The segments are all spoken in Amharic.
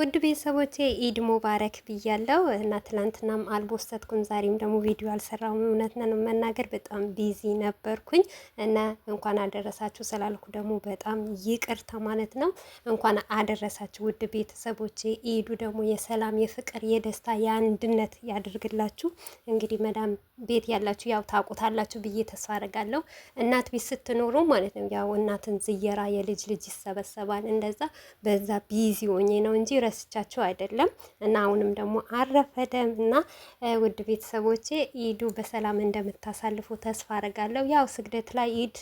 ውድ ቤተሰቦቼ ኢድ ሙባረክ ብያለው እና ትላንትናም አልቦስተትኩም ዛሬም ደግሞ ቪዲዮ አልሰራውም። እውነት ነው መናገር በጣም ቢዚ ነበርኩኝ እና እንኳን አደረሳችሁ ስላልኩ ደግሞ በጣም ይቅርታ ማለት ነው። እንኳን አደረሳችሁ ውድ ቤተሰቦቼ። ኢዱ ደግሞ የሰላም የፍቅር፣ የደስታ፣ የአንድነት ያድርግላችሁ። እንግዲህ መዳም ቤት ያላችሁ ያው ታውቁታላችሁ ብዬ ተስፋ አደርጋለሁ። እናት ቤት ስትኖሩ ማለት ነው ያው እናትን ዝየራ የልጅ ልጅ ይሰበሰባል። እንደዛ በዛ ቢዚ ሆኜ ነው እንጂ ረስቻቸው አይደለም እና አሁንም ደግሞ አረፈደም እና ውድ ቤተሰቦቼ ኢዱ በሰላም እንደምታሳልፉ ተስፋ አረጋለሁ። ያው ስግደት ላይ ኢድ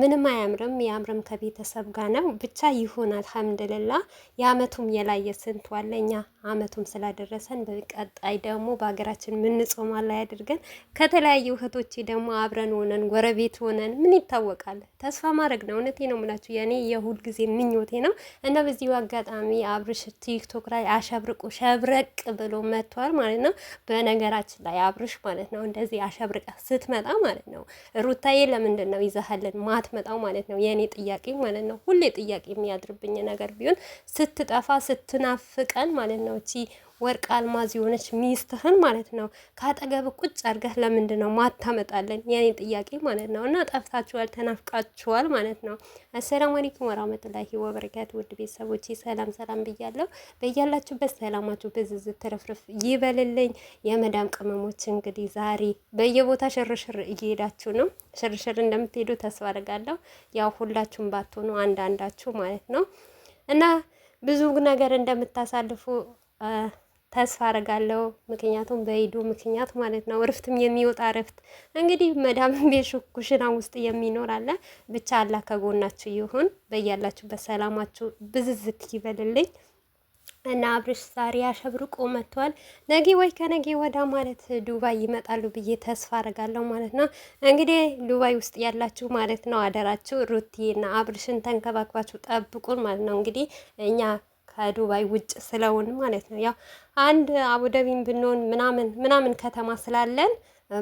ምንም አያምርም። ያምርም ከቤተሰብ ጋር ነው ብቻ ይሁን። አልሐምድልላ የአመቱም የላየ ስንት ዋለኛ አመቱም ስላደረሰን በቀጣይ ደግሞ በሀገራችን ምንጾማ ላይ አድርገን ከተለያዩ እህቶች ደግሞ አብረን ሆነን ጎረቤት ሆነን ምን ይታወቃል ተስፋ ማድረግ ነው። እውነቴ ነው የምላችሁ የእኔ የሁል ጊዜ ምኞቴ ነው እና በዚሁ አጋጣሚ አብርሽ ቲክቶክ ላይ አሸብርቆ ሸብረቅ ብሎ መጥቷል ማለት ነው። በነገራችን ላይ አብርሽ ማለት ነው እንደዚህ አሸብርቀ ስትመጣ ማለት ነው ሩታዬ ለምንድን ነው ይዘሃልን ማትመጣው ማለት ነው። የእኔ ጥያቄ ማለት ነው። ሁሌ ጥያቄ የሚያድርብኝ ነገር ቢሆን ስትጠፋ ስትናፍቀን ማለት ነው እቺ ወርቅ አልማዝ የሆነች ሚስትህን ማለት ነው ከአጠገብ ቁጭ አድርገህ ለምንድን ነው ማታመጣለን? የኔ ጥያቄ ማለት ነው። እና ጠፍታችኋል፣ ተናፍቃችኋል ማለት ነው። አሰላሙ አለይኩም ወራህመቱላሂ ወበረካቱ። ውድ ቤተሰቦች ሰላም ሰላም ብያለሁ። በያላችሁበት ሰላማችሁ ብዝዝ ትርፍርፍ ይበልልኝ። የመዳም ቅመሞች እንግዲህ ዛሬ በየቦታ ሽርሽር እየሄዳችሁ ነው። ሽርሽር እንደምትሄዱ ተስፋ አደርጋለሁ። ያው ሁላችሁም ባትሆኑ አንዳንዳችሁ ማለት ነው እና ብዙ ነገር እንደምታሳልፉ ተስፋ አረጋለሁ። ምክንያቱም በኢዱ ምክንያት ማለት ነው። እረፍትም የሚወጣ እረፍት እንግዲህ መዳም ቤሹ ኩሽና ውስጥ የሚኖር አለ። ብቻ አላህ ከጎናችሁ ይሁን። በያላችሁበት ሰላማችሁ ብዝዝት ይበልልኝ እና አብርሽ ዛሬ አሸብርቆ መጥቷል። ነገ ወይ ከነገ ወዳ ማለት ዱባይ ይመጣሉ ብዬ ተስፋ አረጋለሁ ማለት ነው። እንግዲህ ዱባይ ውስጥ ያላችሁ ማለት ነው አደራችሁ ሩቲ እና አብርሽን ተንከባክባችሁ ጠብቁን ማለት ነው እንግዲህ እኛ ከዱባይ ውጭ ስለሆን ማለት ነው። ያው አንድ አቡደቢን ብንሆን ምናምን ምናምን ከተማ ስላለን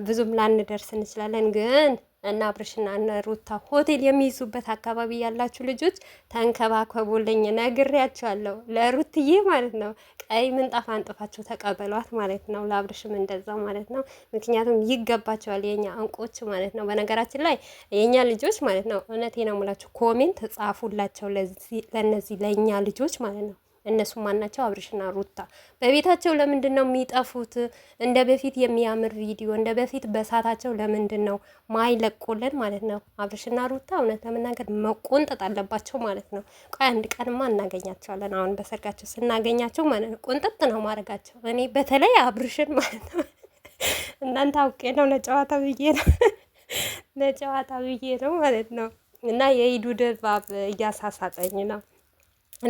ብዙም ላንደርስ እንችላለን። ግን እና አብርሽና እነ ሩታ ሆቴል የሚይዙበት አካባቢ ያላችሁ ልጆች ተንከባከቡልኝ፣ ነግሬያቸዋለሁ። ለሩትዬ ማለት ነው ቀይ ምንጣፍ አንጥፋቸው ተቀበሏት ማለት ነው። ለአብርሽም እንደዛው ማለት ነው። ምክንያቱም ይገባቸዋል የኛ እንቁች ማለት ነው። በነገራችን ላይ የኛ ልጆች ማለት ነው እውነቴን ነው የምላችሁ፣ ኮሜንት ጻፉላቸው ለነዚህ ለእኛ ልጆች ማለት ነው። እነሱ ማናቸው? አብርሽና ሩታ በቤታቸው ለምንድን ነው የሚጠፉት? እንደ በፊት የሚያምር ቪዲዮ እንደ በፊት በሳታቸው ለምንድን ነው ማይለቁልን ማለት ነው? አብርሽና ሩታ እውነት ለመናገር መቆንጠጥ አለባቸው ማለት ነው። ቆይ አንድ ቀንማ እናገኛቸዋለን። አሁን በሰርጋቸው ስናገኛቸው ማለት ነው ቆንጠጥ ነው ማድረጋቸው። እኔ በተለይ አብርሽን ማለት ነው እናንተ አውቄ ነው ለጨዋታ ብዬ ነው ለጨዋታ ብዬ ነው ማለት ነው። እና የኢዱ ድባብ እያሳሳጠኝ ነው።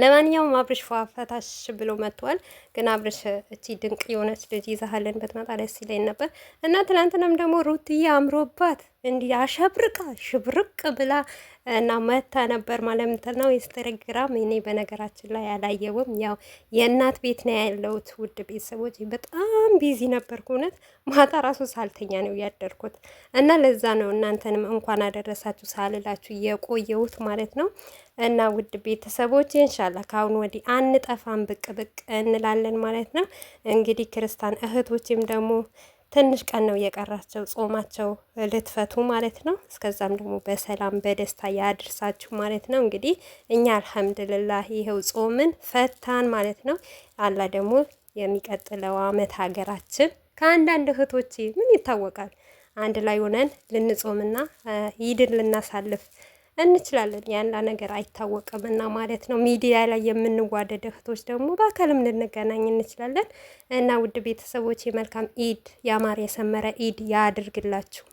ለማንኛውም አብርሽ ፏፈታሽ ብሎ መጥቷል። ግን አብርሽ እቺ ድንቅ የሆነች ልጅ ይዛሃለን ብትመጣ ደስ ይለኝ ነበር እና ትናንትናም ደግሞ ሩትዬ አምሮባት እንዲህ አሸብርቃ ሽብርቅ ብላ እና መታ ነበር ማለት ነው። ኢንስታግራም እኔ በነገራችን ላይ አላየውም። ያው የእናት ቤት ነው ያለሁት ውድ ቤተሰቦች፣ በጣም ቢዚ ነበርኩ። እውነት ማታ ራሱ ሳልተኛ ነው ያደርኩት እና ለዛ ነው እናንተንም እንኳን አደረሳችሁ ሳልላችሁ የቆየሁት ማለት ነው። እና ውድ ቤተሰቦች ኢንሻላህ ከአሁን ወዲህ አንጠፋም፣ ብቅ ብቅ እንላለን። እናያለን ማለት ነው። እንግዲህ ክርስቲያን እህቶችም ደግሞ ትንሽ ቀን ነው የቀራቸው ጾማቸው ልትፈቱ ማለት ነው። እስከዛም ደግሞ በሰላም በደስታ ያድርሳችሁ ማለት ነው። እንግዲህ እኛ አልሐምድልላህ ይኸው ጾምን ፈታን ማለት ነው። አላ ደግሞ የሚቀጥለው አመት ሀገራችን ከአንዳንድ እህቶች ምን ይታወቃል አንድ ላይ ሆነን ልንጾምና ይድን ልናሳልፍ እንችላለን። ያንላ ነገር አይታወቅም እና ማለት ነው። ሚዲያ ላይ የምንዋደድ እህቶች ደግሞ በአካልም ልንገናኝ እንችላለን እና ውድ ቤተሰቦች የመልካም ኢድ የአማር የሰመረ ኢድ ያድርግላችሁ።